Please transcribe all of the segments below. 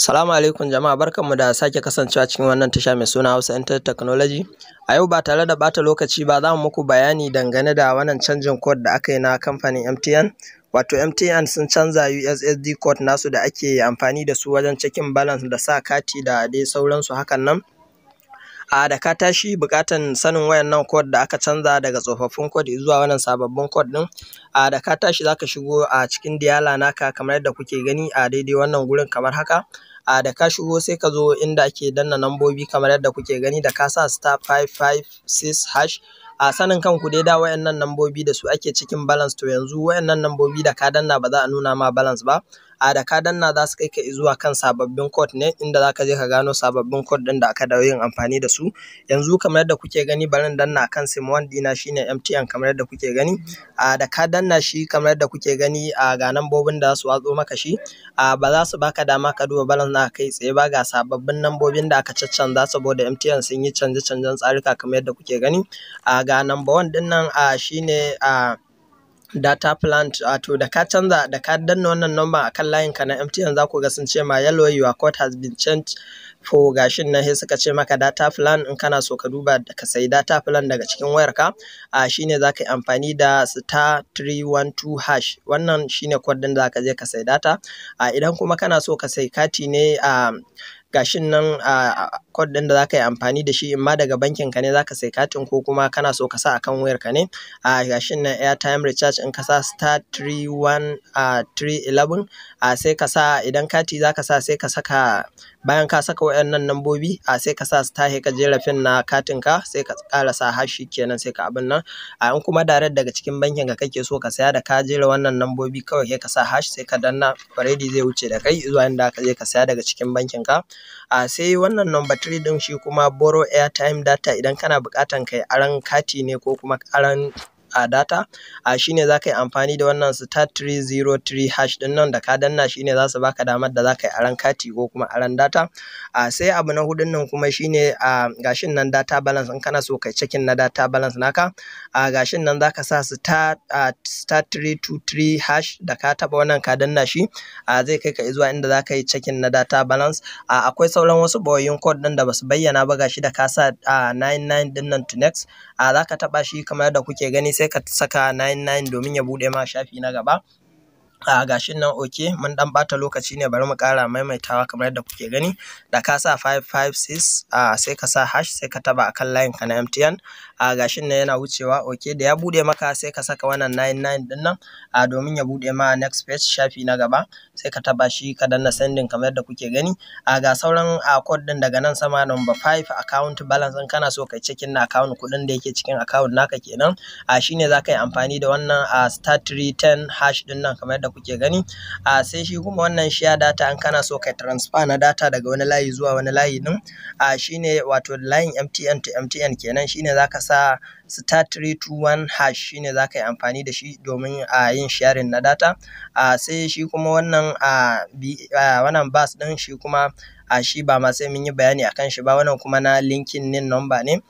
Salamu alaikum jama'a barkanmu da sake kasancewa cikin wannan tasha mai suna Hausa Internet Technology. A yau ba tare da bata lokaci ba za mu muku bayani dangane da wannan canjin code da aka yi na kamfanin MTN. Wato MTN sun canza USSD code nasu da ake amfani da su wajen cikin balance da sa kati da dai sauransu hakan nan. a da ka tashi buƙatan sanin wayannan code da aka canza daga tsofaffin code zuwa wannan sababbin code ɗin. a da ka tashi zaka shigo a cikin diyala naka kamar yadda kuke gani a daidai wannan gurin kamar haka a da ka shigo sai ka zo inda ake danna nambobi kamar yadda kuke gani da ka sa star 556 hash a sanin kanku dai da wayannan nambobi da su ake cikin balance to yanzu wayannan nambobi da ka danna ba za a nuna ma balance ba a da ka danna za su kai ka zuwa kan sababbin code ne inda za ka je ka gano sababbin code ɗin da aka dawo yin amfani da su yanzu kamar yadda kuke gani bari danna kan sim 1 dina shine MTN kamar yadda kuke gani a da ka danna shi kamar yadda kuke gani a ga nambobin da su watso maka shi a ba za su baka dama ka duba balance na kai tsaye ba ga sababbin nambobin da aka caccanza saboda MTN sun yi canje-canjen tsarika kamar yadda kuke gani a ga number 1 ɗin nan a shine a data plan wato ah, da ka canza da ka danna wannan number akan layin ka na MTN za ku ga sun ce ma yellow your code has been changed for gashin nan sai suka ce maka data plan in kana so ka duba ka sai data plan daga cikin wayar ka a ah, shine za yi amfani da star 312 hash wannan shine code din da za ka je ka sai data a ah, idan kuma kana so ka sai kati ne a gashin nan a code ɗin da za ka yi amfani da shi in ma daga bankin ka ne za ka sai katin ko kuma kana so ka sa akan wayar ka ne a gashin nan airtime recharge in ka sa star 31 a 311 a sai ka sa idan kati za ka sa sai ka saka bayan ka saka wayannan nambobi a sai ka sa su tahe ka jera fin na katin ka sai ka ƙara sa hashi kenan sai ka abin nan a in kuma direct daga cikin bankin ka kake so ka saya da ka jera wannan nambobi kawai sai ka sa hash sai ka danna already zai wuce da kai zuwa inda ka je ka saya daga cikin bankin ka a sai wannan number 3 din shi kuma borrow airtime data idan kana buƙatan kai aran kati ne ko kuma aran a data a shine za ka yi amfani da wannan star 303 hash din nan da ka danna shine za su baka damar da za ka yi aran kati ko kuma aran data a sai abu na hudun nan kuma shine a gashin nan data balance in kana so kai checking na data balance naka a gashin nan za ka sa star two 323 hash da ka taba wannan ka danna shi a zai kai ka zuwa inda za ka yi checking na data balance a akwai sauran wasu boyoyin code din da basu bayyana ba gashi da ka sa 99 din nan to next a za ka taba shi kamar da kuke gani sai ka saka 99 domin ya buɗe ma shafi na gaba a gashin nan oke mun ɗan bata lokaci ne bari mu ƙara maimaitawa kamar yadda kuke gani da ka sa 556 a sai ka sa hash sai ka taba akan layin ka na MTN a gashin nan yana wucewa oke da ya bude maka sai ka saka wannan 99 din nan a domin ya bude ma next page shafi na gaba sai ka taba shi ka danna sending kamar yadda kuke gani a ga sauran a code din daga nan sama number 5 account balance in kana so kai checking na account kuɗin da yake cikin account naka kenan a shine zaka yi amfani da wannan a star 310 hash din nan kamar yadda kuke gani a sai shi kuma wannan share data an kana so ka transfer na data daga wani layi zuwa wani layi din a shine wato line MTN to MTN kenan shine zaka sa star 321 hash shine zaka yi amfani da shi domin a yin sharing na data a sai shi kuma wannan a wannan bus din shi kuma a shi ba ma sai mun yi bayani akan shi ba wannan kuma na linkin nin number ne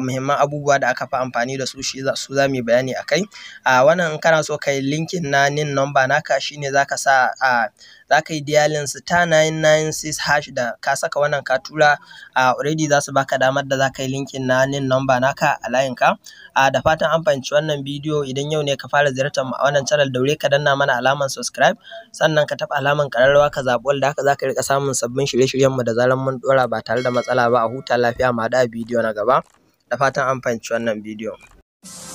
muhimman abubuwa da aka fi amfani da su shi su za mu yi bayani a kai a wannan in kana so kai linkin na nin number naka shine za ka sa a za ka yi dialing star 996 hash da ka saka wannan ka tura a already za su baka damar da za ka yi linkin na nin nomba naka a layin ka a da fatan an fahimci wannan bidiyo idan yau ne ka fara ziyartar mu a wannan channel daure ka danna mana alamar subscribe sannan ka taɓa alamar ƙararrawa ka zaɓi wanda haka za ka riƙa samun sabbin shirye-shiryenmu da zarar mun ɗora ba tare da matsala ba a huta lafiya ma da bidiyo na gaba Da fatan an fahimci wannan bidiyon.